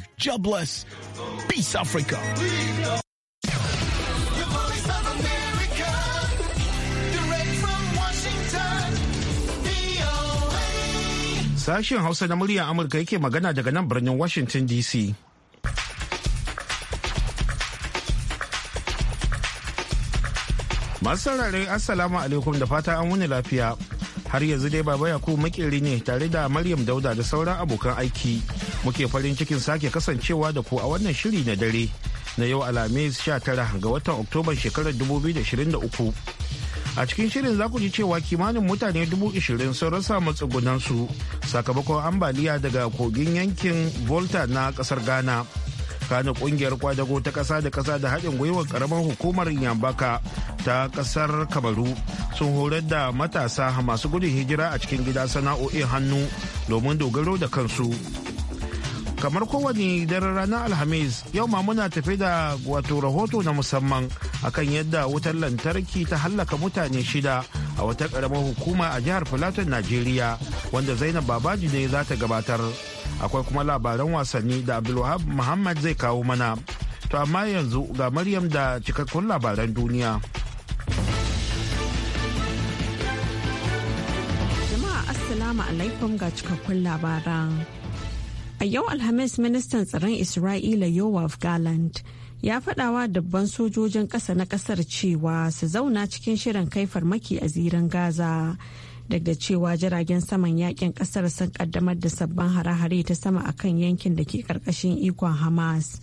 you. Jobless. Peace, Africa. Sashen Hausa na muryar Amurka yake magana daga nan birnin Washington DC. Masu saurare Assalamu alaikum da fata an wuni lafiya. Har yanzu dai baba Yakubu makeri ne tare da Maryam Dauda da sauran abokan aiki. muke farin cikin sake kasancewa da ku a wannan shiri na dare na yau alhamis 19 ga watan oktoba shekarar 2023 a cikin shirin za ku ji cewa kimanin mutane 20,000 sun rasa matsugunansu sakamakon ambaliya daga kogin yankin volta na kasar ghana kana kungiyar kwadago ta kasa da kasa da haɗin gwiwar karamar hukumar yambaka ta kasar kabaru sun horar da matasa masu gudun hijira a cikin gida sana'o'in hannu domin dogaro da kansu kamar kowane daren ranar alhamis yau ma muna tafe da wato rahoto na musamman akan yadda wutar lantarki ta hallaka mutane shida a wata karamar hukuma a jihar filatin najeriya wanda zainab babaji ne za ta gabatar akwai kuma labaran wasanni da abdulwahab muhammad zai kawo mana to amma yanzu ga maryam da cikakkun labaran duniya jama'a assalamu alaikum ga cikakkun labaran A yau Alhamis ministan tsaron Isra'ila Yoav galand ya faɗawa dabban sojojin ƙasa na ƙasar cewa su zauna cikin shirin kai farmaki a ziran Gaza. daga cewa jiragen saman yakin ƙasar sun ƙaddamar da sabbin hare-hare ta sama akan yankin da ke ƙarƙashin ikon Hamas.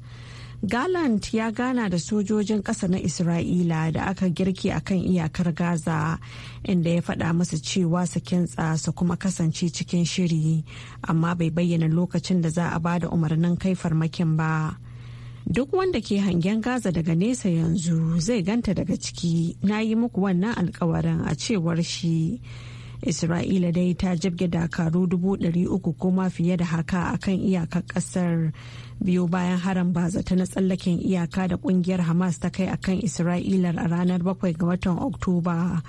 Gallant ya gana da sojojin ƙasa na Isra'ila da aka girki a kan iyakar Gaza inda ya faɗa musu cewa su kintsa su kuma kasance cikin shiri amma bai bayyana lokacin da za a ba da umarnin kai farmakin ba. Duk wanda ke hangen Gaza daga nesa yanzu zai ganta daga ciki na yi muku wannan alkawarin a cewar shi. Isra'ila dai ta jibge dakaru dubu ɗari uku kuma fiye da haka a kan iyakar ƙasar biyu bayan ba bazata na tsallaken iyaka da ƙungiyar Hamas ta kai akan isra'ila a ranar bakwai ga watan Oktoba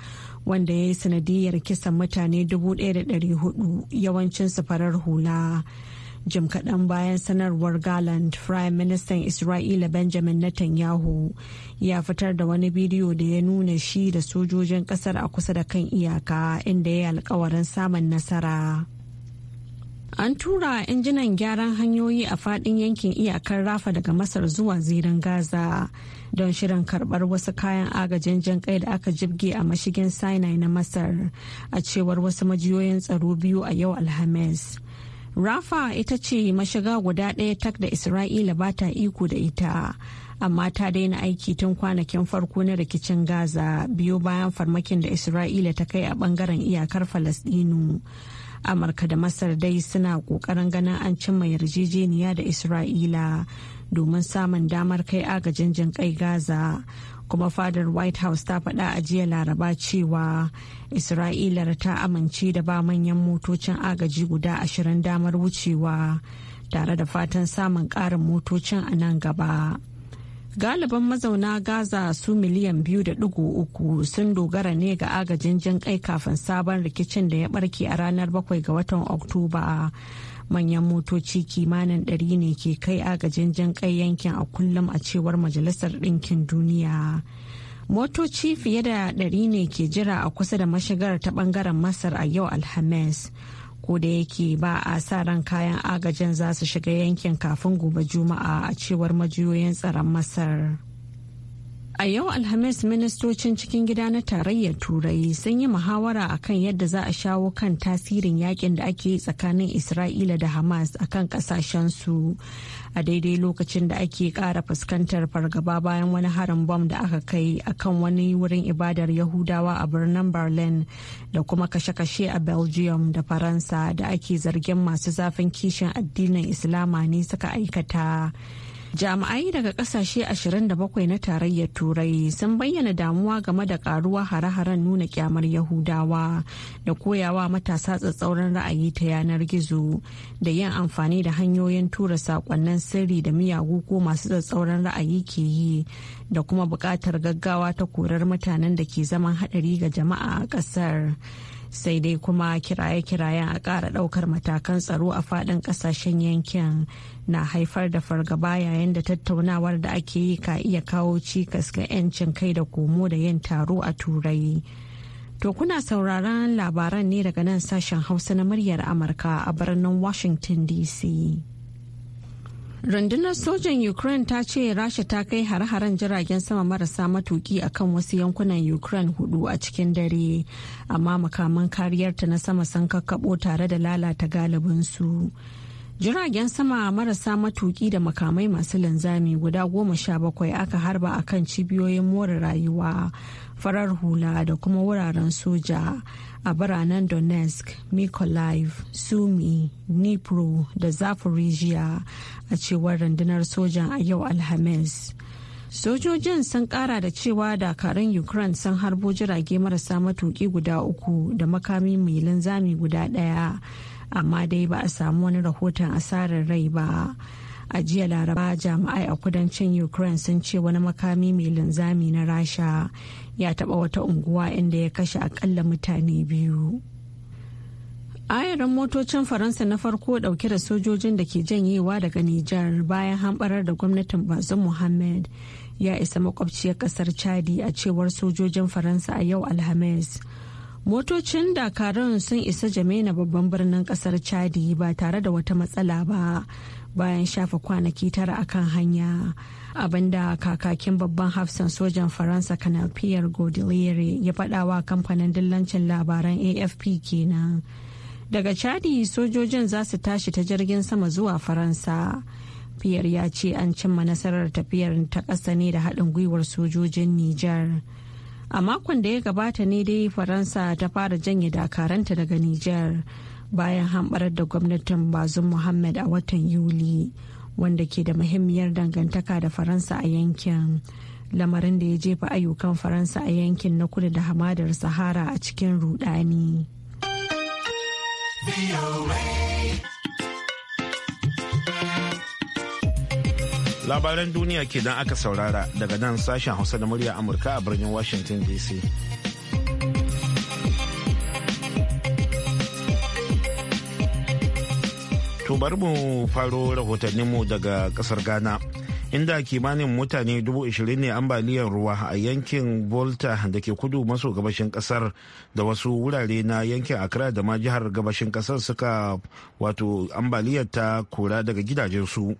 wanda ya yi sanadiyar kisan mutane dubu ɗaya da ɗari yawancin yawancinsu farar hula. jim kaɗan bayan sanarwar garland prime minister isra'ila benjamin netanyahu ya fitar da wani bidiyo da ya nuna shi da sojojin ƙasar a kusa da kan iyaka inda ya yi alkawarin samun nasara an tura injinan gyaran hanyoyi a fadin yankin iyakar rafa daga masar zuwa zirin gaza don shirin karbar wasu kayan agajin jan kai da aka jibge a mashigin sinai na masar a cewar wasu majiyoyin tsaro biyu a yau alhamis rafa ita ce mashiga guda ɗaya tak da isra'ila ba ta iko da ita amma ta daina aiki tun kwanakin farko na rikicin gaza biyo bayan farmakin da isra'ila ta kai a bangaren iyakar Falasɗinu. amurka da masar dai suna ƙoƙarin ganin an cimma yarjejeniya da isra'ila domin samun damar kai agajin jin gaza kuma fadar white house ta faɗa a jiya laraba cewa isra'ila ta amince da ba manyan motocin agaji guda ashirin damar wucewa tare da fatan samun ƙarin motocin a nan gaba galiban mazauna gaza su miliyan biyu da dugu uku sun dogara ne ga agajin jin kai kafin sabon rikicin da ya barke a ranar bakwai ga watan oktoba manyan motoci kimanin ɗari ne ke kai agajin jan kai yankin a kullum a cewar majalisar ɗinkin duniya motoci fiye da ɗari ne ke jira a kusa da mashigar ta ɓangaren masar a yau alhamis ko da yake ba a sa ran kayan agajin za su shiga yankin kafin gobe juma'a a cewar majiyoyin tsaron masar. A yau Alhamis ministocin cikin gida na tarayyar Turai sun yi muhawara akan yadda za a shawo kan tasirin yakin da ake yi tsakanin Isra'ila da Hamas akan kasashensu a daidai lokacin da ake kara fuskantar fargaba bayan wani harin bom da aka kai akan wani wurin ibadar Yahudawa a birnin Berlin da kuma kashe-kashe a Belgium da Faransa da ake zargin masu zafin kishin addinin Islama ne suka aikata. jami'ai daga kasashe 27 na tarayyar turai sun bayyana damuwa game da karuwa hare-haren nuna kyamar yahudawa da koyawa matasa tsatsauran ra'ayi ta yanar gizo da yin amfani da hanyoyin tura sakonnin sirri da miyagu ko masu tsatsauran ra'ayi ke yi da kuma buƙatar gaggawa ta korar mutanen da ke zaman haɗari ga jama'a a ƙasar. sai dai kuma kiraye-kirayen a ƙara ɗaukar matakan tsaro a faɗin ƙasashen yankin na haifar da fargaba yayin da tattaunawar da ake yi ka iya kawo cikas ga 'yancin kai da komo da yin taro a turai to kuna sauraron labaran ne daga nan sashen hausa na muryar amurka a birnin washington dc rundunar sojan ukraine ta ce rasha ta kai hare-haren jiragen sama marasa matuki a kan wasu yankunan ukraine hudu a cikin dare amma makaman kariyarta na sama sun kakkaɓo tare da lalata galibinsu. su jiragen sama marasa matuki da makamai masu linzami guda goma sha bakwai aka harba a kan cibiyoyin more rayuwa farar hula da kuma wuraren soja a biranen donetsk mikolaiv sumi nipro da zaporizhia a cewar rundunar sojan a yau alhamis sojojin sun kara da cewa dakarun ukraine sun harbo jirage marasa matuki guda uku da makami mai linzami guda daya amma dai ba a samu wani rahoton asarar rai ba a jiya laraba jami'ai a kudancin ukraine sun ce wani makami mai linzami na rasha ya taba wata unguwa inda ya kashe akalla mutane biyu ayarin motocin faransa na farko dauke da sojojin da ke janyewa daga nijar bayan hamɓarar da gwamnatin bazin muhammad ya isa makwabciyar kasar chadi a cewar sojojin faransa a yau alhamis motocin dakarun sun isa na babban birnin kasar chadi ba tare da wata matsala ba bayan shafa kwanaki tara akan hanya abinda kakakin babban hafsan sojan faransa kanal pierre Godilere ya faɗawa kamfanin dillancin labaran afp kenan daga chadi sojojin za su tashi ta jirgin sama zuwa faransa pierre ya ce an cimma nasarar tafiyar ta ƙasa ne da haɗin gwiwar sojojin Nijar. a makon da ya gabata ne dai faransa ta fara janye dakaranta daga niger bayan hamɓarar da gwamnatin bazum muhammad a watan yuli wanda ke da muhimmiyar dangantaka da faransa a yankin lamarin da ya jefa ayyukan faransa a yankin na kudu da hamadar sahara a cikin rudani. labaran duniya kenan aka saurara daga nan sashen hausa da murya amurka a birnin washington dc to bari mu faro mu daga kasar ghana inda kimanin mutane 20,000 ne ambaliyar ruwa a yankin volta da ke kudu maso gabashin kasar da wasu wurare na yankin accra da ma jihar gabashin kasar suka wato ambaliyar ta kura daga gidajensu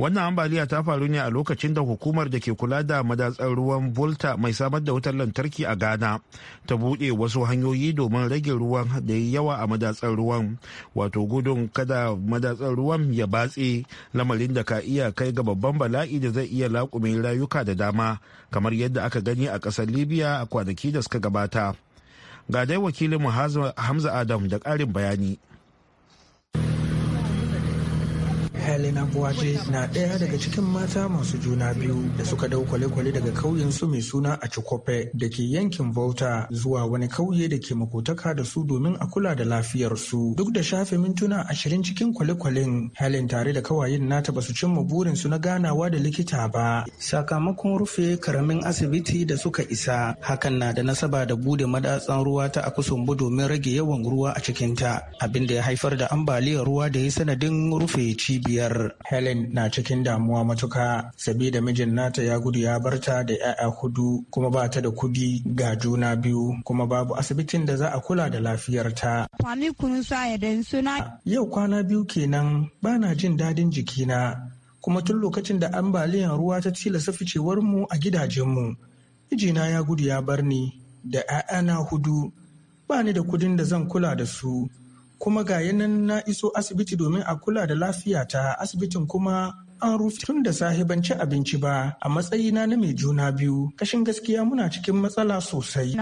wannan ambaliya ta faru ne a lokacin da hukumar da ke kula da madatsar ruwan volta mai samar da wutar lantarki a ghana ta buɗe wasu hanyoyi domin rage ruwan da ya yawa a madatsar ruwan wato gudun kada madatsar ruwan ya batse lamarin da ka iya kai ga babban bala'i da zai iya laƙume rayuka da dama kamar yadda aka gani a ƙasar libya a kwanaki da suka gabata ga dai wakilin hamza adam da ƙarin bayani Helena Buwaje na ɗaya daga cikin mata masu juna biyu da suka dau kwale-kwale daga kauyen su mai suna a Chikope da ke yankin Volta zuwa wani kauye da ke makotaka da su domin a kula da lafiyarsu. Duk da shafe mintuna ashirin cikin kwale-kwalen Helen tare da kawayen nata basu cimma burin su na ganawa da likita ba. Sakamakon rufe karamin asibiti da suka isa hakan na da nasaba da bude madatsan ruwa ta a Akusumbu domin rage yawan ruwa a cikin ta, abin da ya haifar da ambaliyar ruwa da ya sanadin rufe cibiyar. biyar helen na cikin damuwa matuka sabida mijin nata ya gudu ya barta da 'ya'ya hudu kuma ba ta da kudi ga juna biyu kuma babu asibitin da za a kula da lafiyarta yau kwana biyu kenan ba na jin dadin jikina kuma tun lokacin da ambaliyar ruwa ta tilasta ficewar mu a gidajenmu mijina ya gudu ya bar ni da 'ya'yana hudu ba ni da kudin da zan kula da su kuma ga yanan na iso asibiti domin a kula da lafiyata asibitin kuma an rufe tun da sahibanci ban ci abinci ba a matsayina na mai juna biyu kashin gaskiya muna cikin matsala sosai.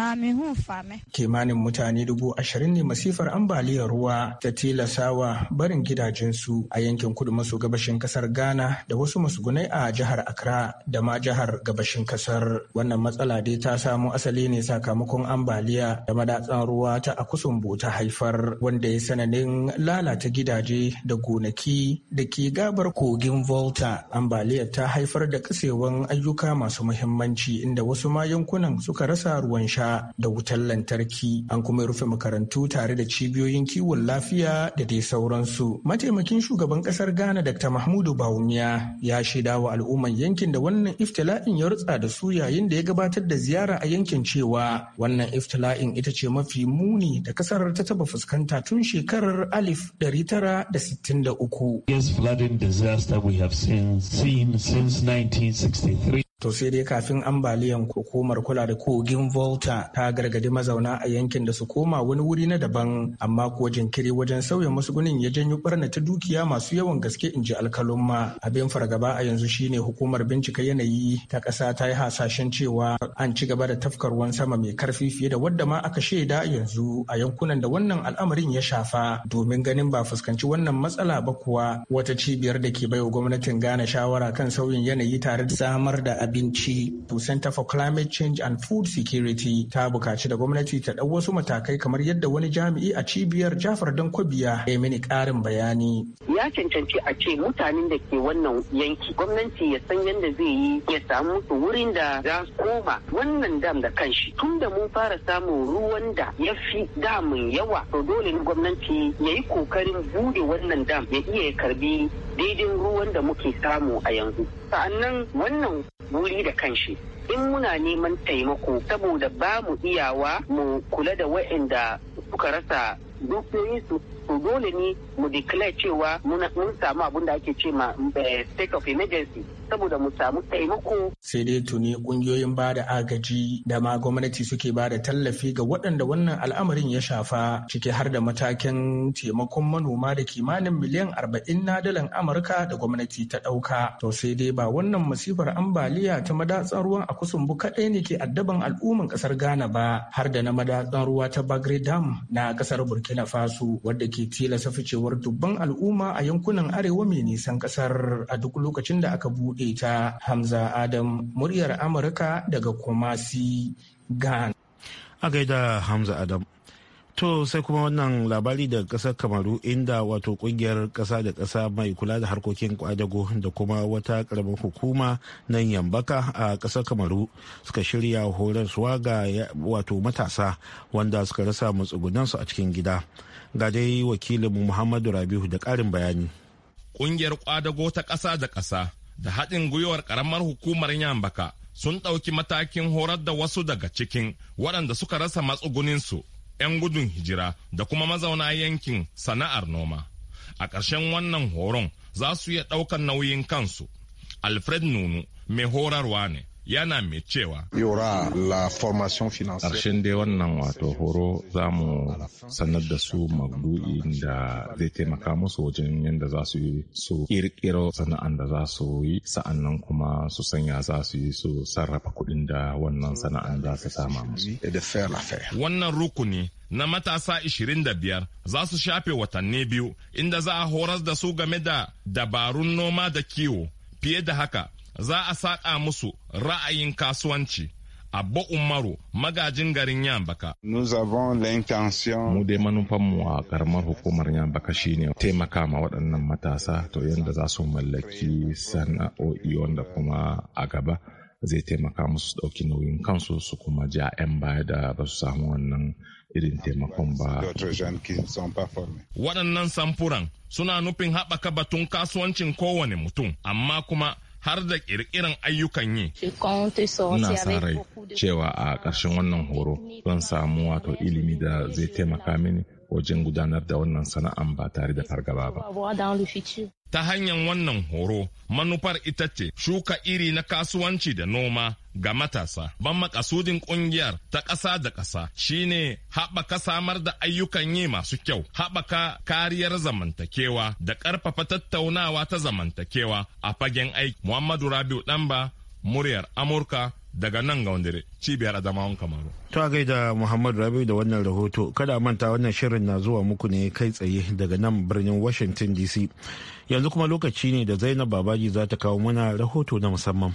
Kimanin mutane dubu ashirin ne masifar ambaliyar ruwa ta tilasawa barin gidajensu a yankin kudu maso gabashin kasar Ghana da wasu masugunai a jihar Accra da ma jihar gabashin kasar. Wannan matsala dai ta samu asali ne sakamakon ambaliya da madatsan ruwa ta Akusumbu ta haifar wanda ya sananin lalata gidaje da gonaki da ke gabar kogin Vol Malta ambaliyar ta haifar da kasewan ayyuka masu muhimmanci inda wasu ma yankunan suka rasa ruwan sha da wutar lantarki an kuma rufe makarantu tare da cibiyoyin kiwon lafiya da dai sauransu. Mataimakin shugaban kasar Ghana Dr. Mahmudu Bawumia ya shaida wa al'umman yankin da wannan iftila'in ya rutsa da su yayin da ya gabatar da ziyara a yankin cewa wannan iftila'in ita ce mafi muni da kasar ta taba fuskanta tun shekarar alif 1963. Yes, flooding disaster we have since, seen since 1963. To sai dai kafin ambaliyan hukumar kula da kogin Volta ta gargadi mazauna a yankin da su koma wani wuri na daban amma kuwa jinkiri wajen sauya musgunin ya janyo barna ta dukiya masu yawan gaske inji alkalumma. Abin fargaba a yanzu shine hukumar bincika yanayi ta ƙasa ta yi hasashen cewa an ci gaba da tafkar ruwan sama mai karfi fiye da wadda ma aka shaida yanzu a yankunan da wannan al'amarin ya shafa domin ganin ba fuskanci wannan matsala ba kuwa wata cibiyar da ke baiwa gwamnatin Ghana shawara kan sauyin yanayi tare da samar da abinci to Center for Climate Change and Food Security ta bukaci da gwamnati ta ɗau wasu matakai kamar yadda wani jami'i a cibiyar Jafar kwabiya ya mini ƙarin bayani. Ya cancanci a ce mutanen da ke wannan yanki gwamnati ya san yadda zai yi ya samu su wurin da za su koma wannan dam da kanshi tun da mun fara samun ruwan da ya fi damun yawa to dole ne gwamnati ya yi kokarin bude wannan dam ya iya karbi daidai ruwan da muke samu a yanzu sa'annan wannan wuri da kanshi in muna neman taimako saboda ba mu iyawa mu kula da waɗanda suka rasa dukiyoyinsu to dole ne mu declare cewa mun samu abin da ake ce ma eh, state of emergency saboda mu samu taimako. Sai dai tuni kungiyoyin ba da agaji da ma gwamnati suke ba da tallafi ga waɗanda wannan al'amarin ya shafa ciki har da matakin taimakon manoma da kimanin miliyan arba'in na dalan Amurka da gwamnati ta ɗauka. To sai dai ba wannan masifar ambaliya ta madatsar ruwan a kusumbu kaɗai ne ke addaban al'umman ƙasar Ghana ba har da na madatsar ruwa ta Bagre Dam na ƙasar Burkina Faso wadda ke ke tilasta ficewar dubban al'umma a yankunan arewa mai nisan kasar a duk lokacin da aka bude ta Hamza Adam muryar Amurka daga Kumasi, Ghana. A gaida Hamza Adam. To sai kuma wannan labari daga kasar Kamaru inda wato kungiyar kasa da kasa mai kula da harkokin kwadago da kuma wata karamin hukuma nan yambaka a kasar Kamaru suka shirya horarsuwa ga wato matasa wanda suka rasa matsugunansu a cikin gida. ga dai wakilin muhammadu rabihu da karin bayani ƙungiyar kwadago ta ƙasa da ƙasa da haɗin gwiwar ƙaramar hukumar yambaka sun ɗauki matakin horar da wasu daga cikin waɗanda suka rasa matsuguninsu 'yan gudun hijira da kuma mazauna yankin sana'ar noma a ƙarshen wannan horon za su iya ɗaukar nauyin kansu alfred nunu mai horarwa ne yana mai cewa ƙarshen dai wannan wato horo za mu sanar da su magdu'i da zai taimaka musu wajen yadda za su yi su ƙirƙiro sana'an da za su yi sa'annan kuma su sanya za su yi su sarrafa kuɗin da wannan sana'an za su sama musu. Wannan rukuni na matasa 25 za su shafe watanni biyu inda za a horas da su game da dabarun noma da kiwo fiye da haka za a saƙa musu ra'ayin kasuwanci. Abba Umaru magajin garin Yambaka. Mu dai manufanmu a karamar hukumar Yambaka shine taimaka ma waɗannan matasa to yadda za su mallaki sana'o'i wanda kuma a gaba zai taimaka musu ɗauki nauyin kansu su kuma ja 'yan baya da ba su samu wannan irin taimakon ba. Waɗannan samfuran suna nufin haɓaka batun kasuwancin kowane mutum amma kuma har da ƙirƙirin ayyukan yi. Ina sa rai cewa a ƙarshen wannan horo don samu wato ilimi da zai taimaka mini wajen gudanar da wannan sana'an ba tare da fargaba ba. Ta hanyar wannan horo manufar ita ce shuka iri na kasuwanci da noma ga matasa. Ban makasudin kungiyar ta ƙasa da ƙasa shine haɓaka samar da ayyukan yi masu kyau, haɓaka kariyar zamantakewa da ƙarfafa tattaunawa ta zamantakewa a fagen aiki. Muhammadu Rabiu Ɗanba, muryar Amurka daga nan ga wandere cibiyar adamawan kamaru. ta gaida muhammad rabi da wannan rahoto kada manta wannan shirin na zuwa muku ne kai tsaye daga nan birnin washington dc yanzu kuma lokaci ne da zainab babaji za ta kawo mana rahoto na musamman.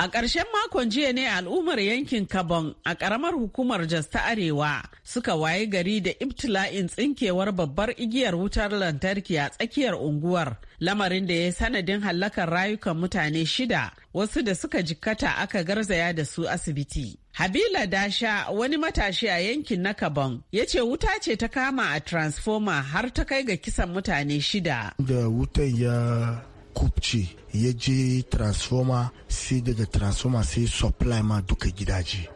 A ƙarshen makon jiya ne al'ummar yankin Kabon a ƙaramar hukumar Jos ta Arewa suka waye gari da ibtila'in tsinkewar babbar igiyar wutar lantarki a tsakiyar unguwar, lamarin da ya sanadin hallakar rayukan mutane shida wasu da suka jikkata aka garzaya da su asibiti. Habila Dasha wani matashi a yankin na Kabon ya ce wuta ce ta kama a transformer har ta kai ga kisan mutane shida. Da wutan ya Kupci ya je transforma sai daga transforma sai supply ma duka gidaje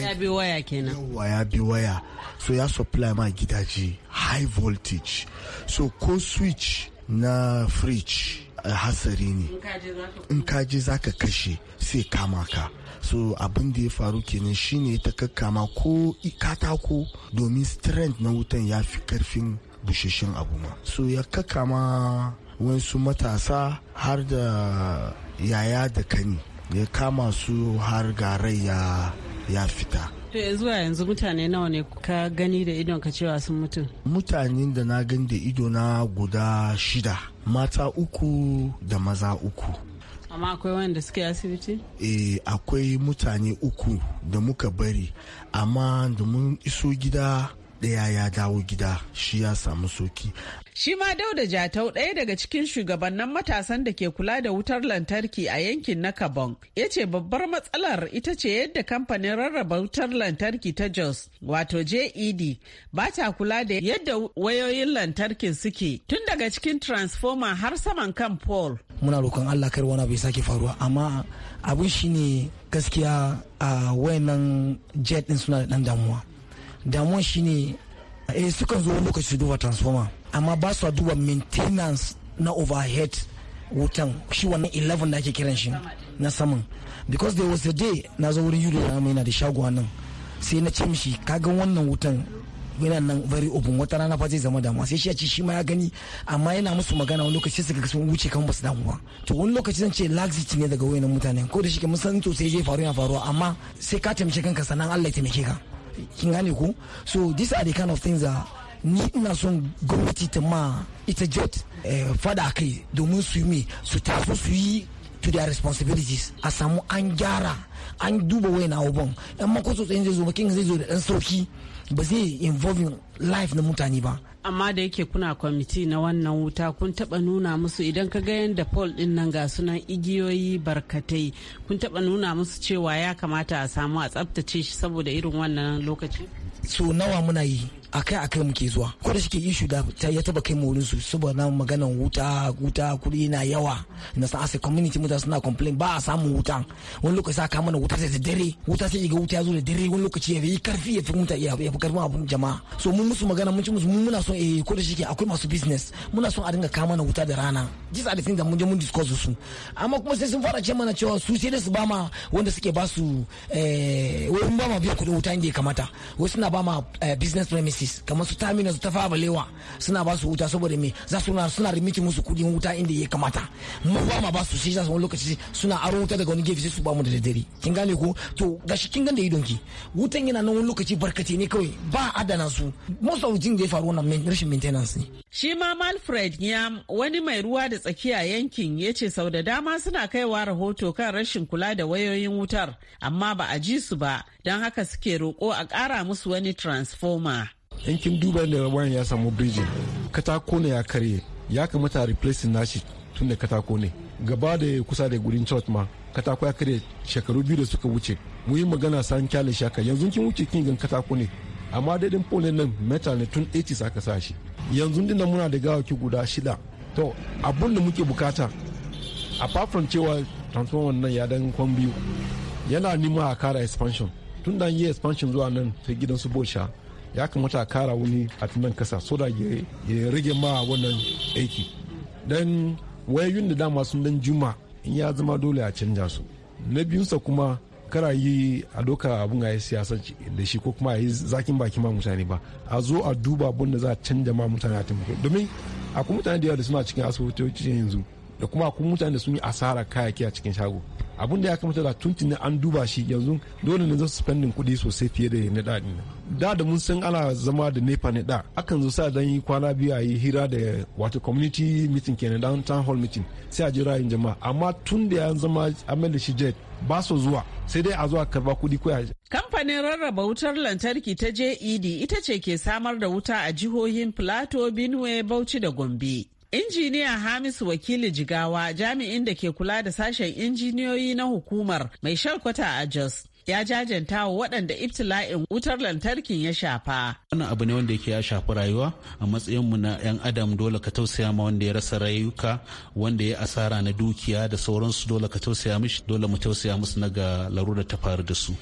ya bi waya kenan yawa ya bi waya so ya supply ma gidaje high voltage so ko switch na fridge eh, hasari ne in ka za ka kashe sai kama ka so abin da ya faru kenan shine ta kakkama ko katako domin strength na wutan ya fi karfin busheshen abu ma so ya kakkama wasu matasa har da yaya da kani ya kama su har garai ya, ya fita to zuwa yanzu mutane nawa ne ka gani da idon ka cewa sun mutu mutanen da na gani da ido na guda shida mata uku da maza uku amma akwai wanda suke asibiti? eh akwai mutane uku da muka bari amma da mun iso gida ɗaya ya dawo gida shi ya samu soki. Shi ma Dauda Jatau ɗaya daga cikin shugabannin matasan da ke kula da wutar lantarki a yankin na Kabon ya ce babbar matsalar ita ce yadda kamfanin rarraba wutar lantarki ta Jos wato JED ba ta kula da yadda wayoyin lantarkin suke tun daga cikin transformer har saman kan pole. Muna roƙon Allah kar wani bai sake faruwa amma abin shine gaskiya a wayannan jet din suna da ɗan damuwa. damuwan shine eh sukan zo lokaci duba transformer amma ba su duba maintenance na overhead wutan shi wannan 11 da ake kiran shi na saman because there was a day na zo wurin yuri na yana da shago nan sai na ce mishi kagan wannan wutan yana nan very open wata rana fa zai zama damuwa sai shi ya ce shi ma ya gani amma yana musu magana wani lokaci suka sun wuce kan basu damu ba to wani lokaci zan ce laxity ne daga wayannan mutane ko da shi ke mun san to sai zai faru yana faruwa amma sai ka taimake kanka sannan Allah ya taimake ka kin gane ko so these are the kind of things that ni ina son gwamnati ta ma ita jot eh, fada a kai domin su yi su taso su yi to their responsibilities a samu an gyara an duba wai wayan abubuwan yan makwasotsayin zai zo makin zai zo da dan sauki ba zai involving life na mutane ba amma da yake kuna kwamiti na wannan wuta kun taba nuna musu idan ka ga yadda paul din nan ga sunan igiyoyi barkatai kun taba nuna musu cewa ya kamata a samu a tsabtace shi saboda irin wannan lokaci so nawa muna yi akai akai muke zuwa ko da shike issue da ya taba kai mu wurin su saboda maganan wuta wuta kuɗi na yawa na san asa community mutane suna complain ba a samun wuta wani lokaci aka mana wuta da dare wuta sai ga wuta ya zo da dare wani lokaci ya yi karfi ya fi muta ya fi karfin abun jama'a so mun musu magana mun ci musu mun muna son eh ko da shike akwai masu business muna son a dinga kama mana wuta da rana this are the things da mun je mun discuss su amma kuma sai sun fara ce mana cewa su sai da su ba ma wanda suke ba su eh wai mun ba ma biya kudin wuta inda ya kamata wasu suna ba ma eh, business premise overseas kamar su tamina su tafa balewa suna ba su wuta saboda me za su suna rimiti musu kudin wuta inda ya kamata mu ba ma ba su shi za su wani lokaci suna aro wuta daga wani gefe sai su ba mu da daddare kin gane ko to gashi kin ganda idonki wutan yana nan wani lokaci barkate ne kawai ba adana su most of jin da ya faru wannan rashin maintenance ne shi ma malfred yam wani mai ruwa da tsakiya yankin ya ce sau da dama suna kaiwa rahoto kan rashin kula da wayoyin wutar amma ba a ji su ba don haka suke roƙo a ƙara musu wani transformer in kin duba da wayan ya samu bridging katako ne ya karye ya kamata replacing nashi tun da katako ne gaba da kusa da gurin church ma katako ya karye shekaru biyu da suka wuce mu yi magana san kyale shaka yanzu kin wuce kin gan katako ne amma daidin pole nan metal ne tun 80s aka sa shi yanzu muna da gawaki guda shida to abun da muke bukata apart from cewa transformer nan ya dan kwan biyu yana nima a kara expansion tun da yi expansion zuwa nan ta gidan su bosha ya kamata a kara wani a tunan kasa so da ya rage ma wannan aiki don wayoyin da dama sun dan juma in ya zama dole a canja su na biyunsa kuma kara yi a doka abin a yi siyasar da shi ko kuma a yi zakin baki ma mutane ba a zo a duba abin da za a canja ma mutane a taimako domin akwai mutane da yawa da suna cikin asibitoci yanzu da kuma akwai mutane da sun yi asara kayaki a cikin shago abin da ya kamata da tuntuni an duba shi yanzu dole ne zan spending kuɗi sosai fiye da na daɗi da da mun san ana zama da nepa ne da akan zo sa dan yi kwana biyu a yi hira da wato community meeting kenan dan town hall meeting sai a ji ra'ayin jama'a amma tun da ya zama amel da shi jet ba su zuwa sai dai a zuwa karba kuɗi ko kamfanin rarraba wutar lantarki ta jed ita ce ke samar da wuta a jihohin plateau benue bauchi da gombe Injiniya Hamisu Wakili Jigawa jami'in da ke kula da sashen injiniyoyi na hukumar mai shalkwata a Jos. ya jajanta wa waɗanda ibtila'in wutar lantarkin ya shafa. Wannan abu ne wanda yake ya shafi rayuwa a matsayinmu na 'yan adam dole ka tausaya ma wanda ya rasa rayuka wanda ya asara na dukiya da sauransu dole ka tausaya mishi dole mu tausaya musu na ga larurar ta faru da su.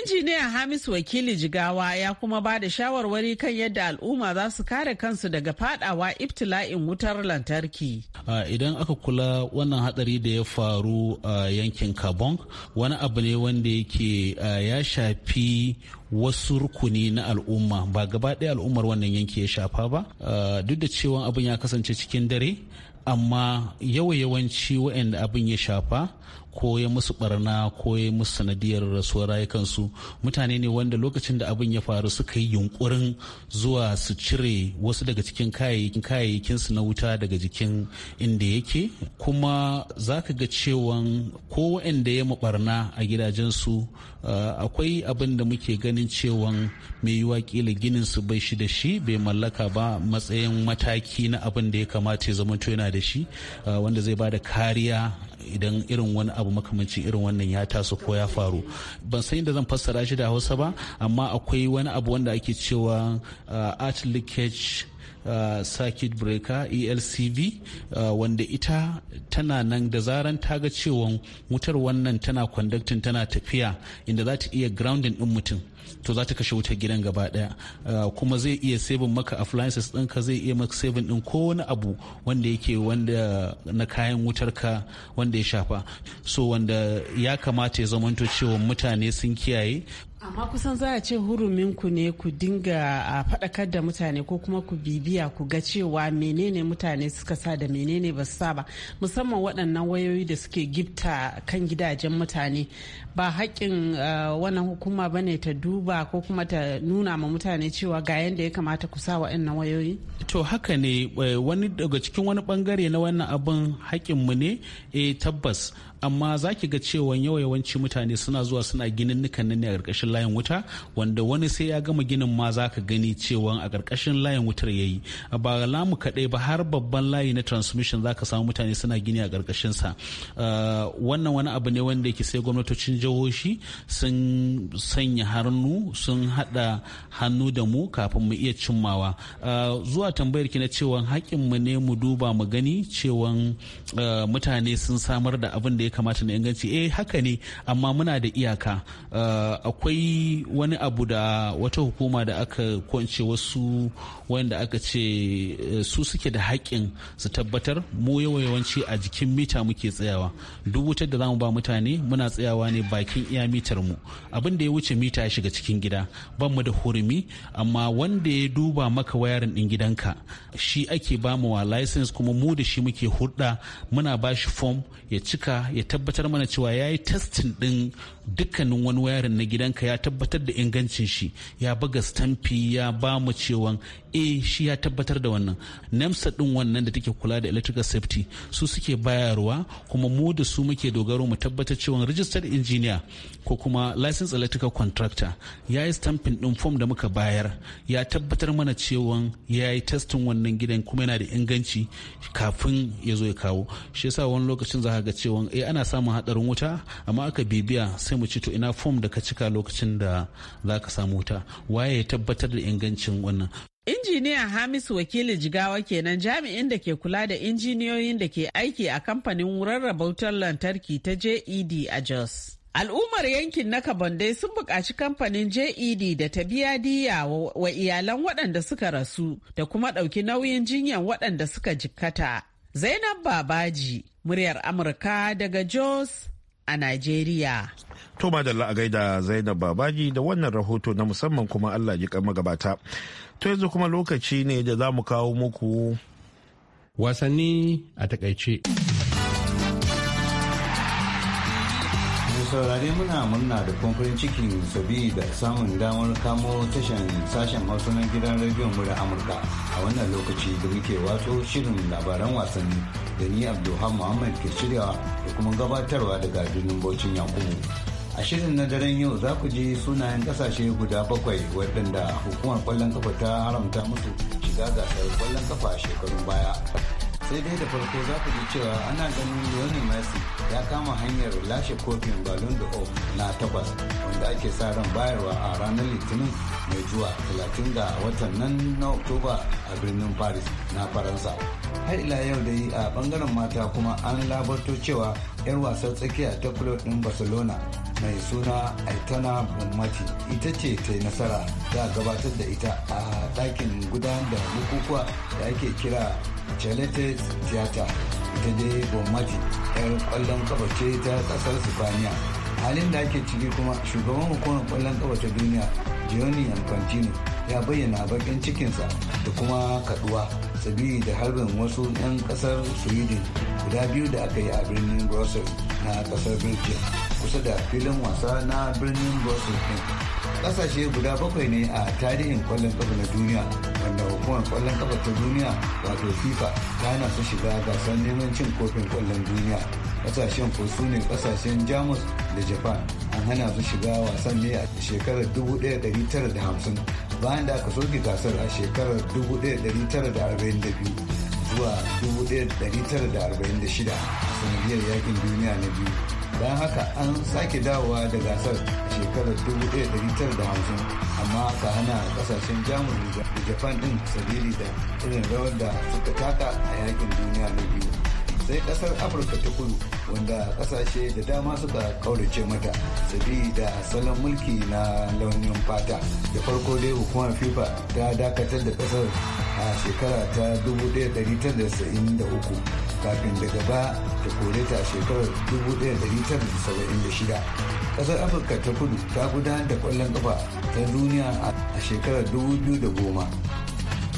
Injiniya hamis wakili Jigawa ya kuma ba da shawarwari kan yadda al'umma za su kare kansu daga fadawa ibtila'in wutar lantarki. Idan aka kula wannan hadari da ya faru a yankin Kabong wani abu ne wanda yake ya shafi wasu rukuni na al'umma ba gaba ɗaya al'ummar wannan yanki ya shafa ba duk da cewa abin ya kasance cikin dare amma yawa yawanci waɗanda abin ya shafa ko ya musu barna ko ya musu sanadiyar rasuwar rayukansu mutane ne wanda lokacin da abin ya faru suka yi yunkurin zuwa su cire wasu daga cikin kayayyakinsu na wuta daga jikin inda yake kuma za ka ga cewan ko waɗanda ya barna a gidajensu eh, akwai abin da muke ganin cewan mai yiwa kila ginin su bai shi da shi bai mallaka ba matsayin mataki na abin da ya kamata ya zama yana da shi eh, wanda zai ba da kariya idan irin wani abu makamancin irin wannan ya taso ko ya faru ban san yadda zan fassara shi da hausa ba amma akwai wani abu wanda ake cewa uh, art leakage Uh, circuit breaker elcv uh, wanda ita tana nan da zaran ta ga cewa wutar wannan tana conducting tana tafiya inda za ta iya grounding din mutum to za ta kashe wutar gidan gaba daya ah, kuma zai iya sabon maka appliances ɗinka zai iya maka sabon ɗin ko wani abu wanda yake wanda na kayan wutar ka wanda ya shafa so wanda ya kamata ya zamanto cewa mutane sun kiyaye amma kusan za a ce huruminku ne ku dinga ah, faɗakar da mutane ko kuma ku bibiya ku ga cewa menene mutane suka sa da menene ba su sa ba musamman waɗannan wayoyi da suke gifta kan gidajen mutane ba haƙƙin ah, wannan hukuma ba ne ta duba duba ko kuma ta nuna ma mutane cewa ga yadda ya kamata ku sa wa'annan wayoyi? To haka ne eh, wani daga cikin wani bangare na wannan abin mu ne eh tabbas amma za ki ga cewa yawa yawanci mutane suna zuwa suna ginin nukan nan ne a ƙarƙashin layin wuta wanda wani sai ya gama ginin ma za ka gani cewa a ƙarƙashin layin wutar ya yi ba lamu kaɗai ba har babban layi na transmission za ka samu mutane suna gini a ƙarƙashin sa eh, wannan wani abu ne wanda ke sai gwamnatocin jihohi sun sanya hannu sun haɗa hannu da mu kafin mu iya cimmawa eh, zuwa tambayar ki na cewa haƙƙin mu ne mu duba mu gani cewa eh, mutane sun samar da abin da ya kamata na inganci eh haka ne amma muna da iyaka eh, akwai wani abu da wata hukuma da aka kwance wasu wanda aka ce eh, su suke da haƙƙin su tabbatar mu yawanci a jikin mita muke tsayawa duk wutar da zamu ba mutane muna tsayawa ne bakin iya mitar mu abin da ya wuce mita ya shiga cikin gida ban mu da hurumi amma wanda ya duba maka wayarin din gidanka shi ake ba mu wa license kuma mu da shi muke hulɗa muna ba shi form ya cika ya ya tabbatar mana cewa ya yi testin ɗin dukkanin wani wayarin na gidanka ya tabbatar da ingancin shi ya buga stamfi ya ba mu cewa eh shi ya tabbatar da wannan namsa ɗin wannan da take kula da electrical safety su suke bayarwa kuma mu da su muke dogaro mu tabbatar cewa registered engineer ko kuma licensed electrical contractor ya yi stamfin ɗin form da muka bayar ya tabbatar mana cewa ya yi testin wannan gidan kuma yana da inganci kafin ya zo ya kawo shi yasa wani lokacin za ka ga cewa eh, ana samun hadarin wuta amma aka bibiya sai mu ci to ina fom da ka cika lokacin da za ka samu wuta waye ya tabbatar da ingancin wannan Injiniya Hamisu wakili jigawa kenan jami'in da ke kula da injiniyoyin da ke aiki a kamfanin rarraba wutar lantarki ta JED a Jos. Al'ummar yankin na Kabonde sun buƙaci kamfanin JED da ta biya diya wa iyalan waɗanda suka rasu da kuma ɗauki nauyin jinyan waɗanda suka jikkata. Zainab Babaji, muryar Amurka daga Jos a Najeriya. To madalla a gaida Zainab Babaji da wannan rahoto na musamman kuma Allah ji kan magabata. To yanzu kuma lokaci ne da za mu kawo muku wasanni a takaice. saurare muna murna da kumfurin cikin sabi da samun damar kamo tashan sashen masunan gidan rediyon mura amurka a wannan lokaci da muke wato shirin labaran wasanni da ni muhammad ke shiryawa da kuma gabatarwa daga birnin bocin yakubu a shirin na daren yau za ku ji sunayen kasashe guda bakwai waɗanda hukumar kwallon kafa ta haramta musu shiga gasar kwallon kafa shekarun baya sai dai da farko za ku ji cewa ana ganin lionel messi ya kama hanyar lashe kofin ballon d'or na takwas wanda ake sa ran bayarwa a ranar litinin mai zuwa 30 ga watan nan na oktoba a birnin paris na faransa har ila yau dai a bangaren mata kuma an labarto cewa 'yar wasan tsakiya ta kulob ɗin barcelona mai suna aitana bumati ita ce ta nasara ta gabatar da ita a ɗakin gudanar da bukukuwa da ake kira chalete theater ita dai bumati 'yar kwallon kafa ce ta ƙasar sifaniya halin da ake ciki kuma shugaban hukumar kwallon kafa ta duniya gianni infantino ya bayyana bakin cikinsa da kuma kaduwa sabili da harbin wasu 'yan kasar sweden guda biyu da aka yi a birnin brussels na kasar belgium kusa da filin wasa na birnin brussels din kasashe guda bakwai ne a tarihin kwallon kafa na duniya wanda hukumar kwallon kafa ta duniya wato fifa ta hana su shiga gasar neman cin kofin kwallon duniya kasashen ko su ne kasashen jamus da japan an hana su shiga wasan ne a shekarar 1950 bayan da aka soke gasar a shekarar 1942 zuwa 1946 sanadiyar yakin duniya na biyu bayan haka an sake dawowa da gasar a shekarar 1950 amma ka hana kasashen jamus da japan din sabili da irin rawar da suka taka a yakin duniya na biyu sai kasar afirka ta kudu wanda kasashe da dama suka kaurace mata sabida salon mulki na launin fata da farko dai hukumar fifa ta dakatar da kasar a shekara ta 1993 kafin daga ba ta kore ta shekarar 1976 kasar afirka ta kudu ta gudanar da kwallon kafa ta duniya a shekarar 2010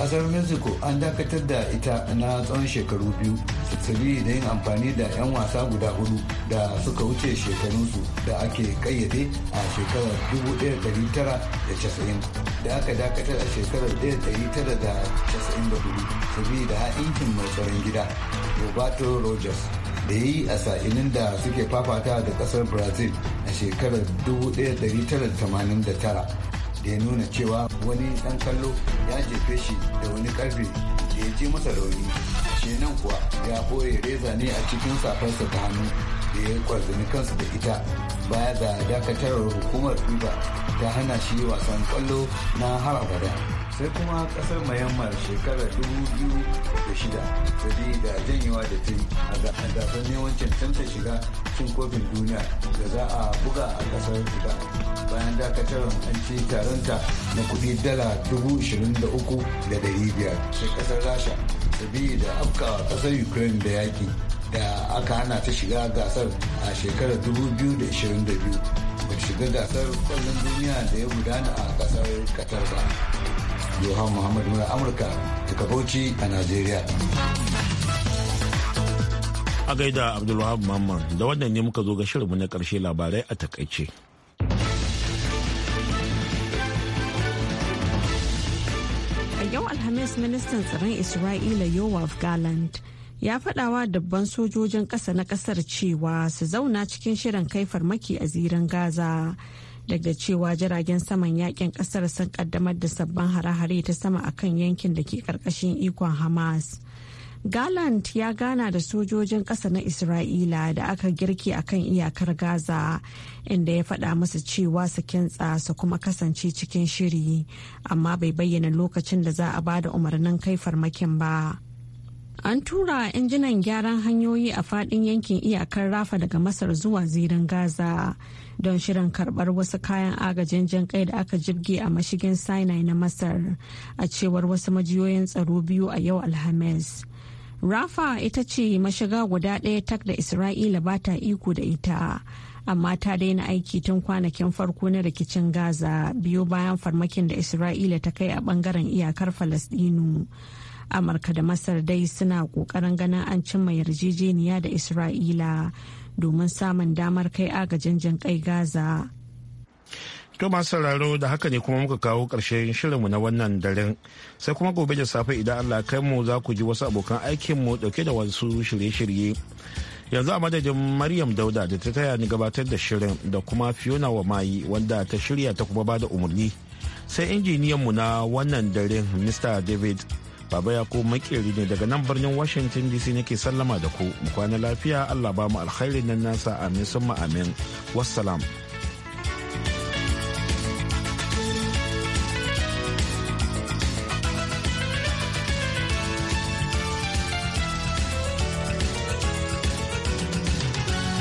kasar mexico an dakatar da ita na tsawon shekaru biyu sabili da yin amfani da 'yan wasa guda hudu da suka wuce shekarunsu da ake kayyade a shekarar 1990 da aka dakatar a shekarar 1994 sabili da ha'inkin mai tsaron gida roberto rogers da yi a sa'ilin da suke fafata da kasar brazil a shekarar 1989 da ya nuna cewa wani dan kallo ya jefe shi da wani karfe da ya ji masa rauni ya ɓoye reza ne a cikin safarsa ta hannu da ya kwazini kansu da ita baya da dakatarwar hukumar fifa ta hana shi wasan kwallo na har abada sai kuma kasar shekara shekarar biyu da shida da janyewa da ta yi a gasar yawancin tamta shiga cin kofin duniya da za a buga a kasar fita bayan dakatarwar an ce taronta na kudi dala 23,500 da kasar rasha da afka ƙasar ukraine da yaƙi da aka hana ta shiga gasar a shekarar 2022 ba shiga gasar kwallon duniya da ya gudana a kasar qatar ba yohan muhammadu na amurka daga bauchi a nigeria a gaida abdulwahab muhammad da wannan ne muka zo ga shirinmu na karshe labarai a takaice yau Alhamis ministan tsaron Isra'ila Yoav galand ya faɗawa dabban sojojin ƙasa na ƙasar cewa su zauna cikin shirin kai farmaki a ziran Gaza. daga cewa jiragen saman yakin kasar sun kaddamar da sabbin hare-hare ta sama akan yankin da ke karkashin ikon hamas Gallant ya gana da sojojin ƙasa na Isra'ila da aka girki a kan iyakar Gaza inda ya faɗa musu cewa su kintsa su kuma kasance cikin shiri amma bai bayyana lokacin da za a ba da umarnin kai farmakin ba. An tura injinan gyaran hanyoyi a faɗin yankin iyakar Rafa daga Masar zuwa zirin Gaza don shirin karɓar wasu kayan agajin jin kai da aka jirgi a mashigin Sinai na Masar a cewar wasu majiyoyin tsaro biyu a yau Alhamis. rafa ita ce mashiga guda ɗaya tak da isra'ila ba ta iko da ita amma ta daina aiki tun kwanakin farko na rikicin gaza biyo bayan farmakin da isra'ila ta kai a bangaren iyakar falasdinu amurka da masar dai suna ƙoƙarin ganin an cimma yarjejeniya da isra'ila domin samun damar kai agajin jin gaza To masu sauraro da haka ne kuma muka kawo ƙarshen shirinmu na wannan daren. Sai kuma gobe da safe idan Allah kai mu za ku ji wasu abokan aikinmu ɗauke da wasu shirye-shirye. Yanzu a madadin Maryam Dauda da ta taya ni gabatar da shirin da kuma Fiona wa mayi wanda ta shirya ta kuma bada umarni. Sai injiniyan mu na wannan daren Mr. David Baba Yako makeri ne daga nan birnin Washington DC nake sallama da ku. Mu kwana lafiya Allah ba mu alkhairin nan nasa amin summa amin. Wassalam.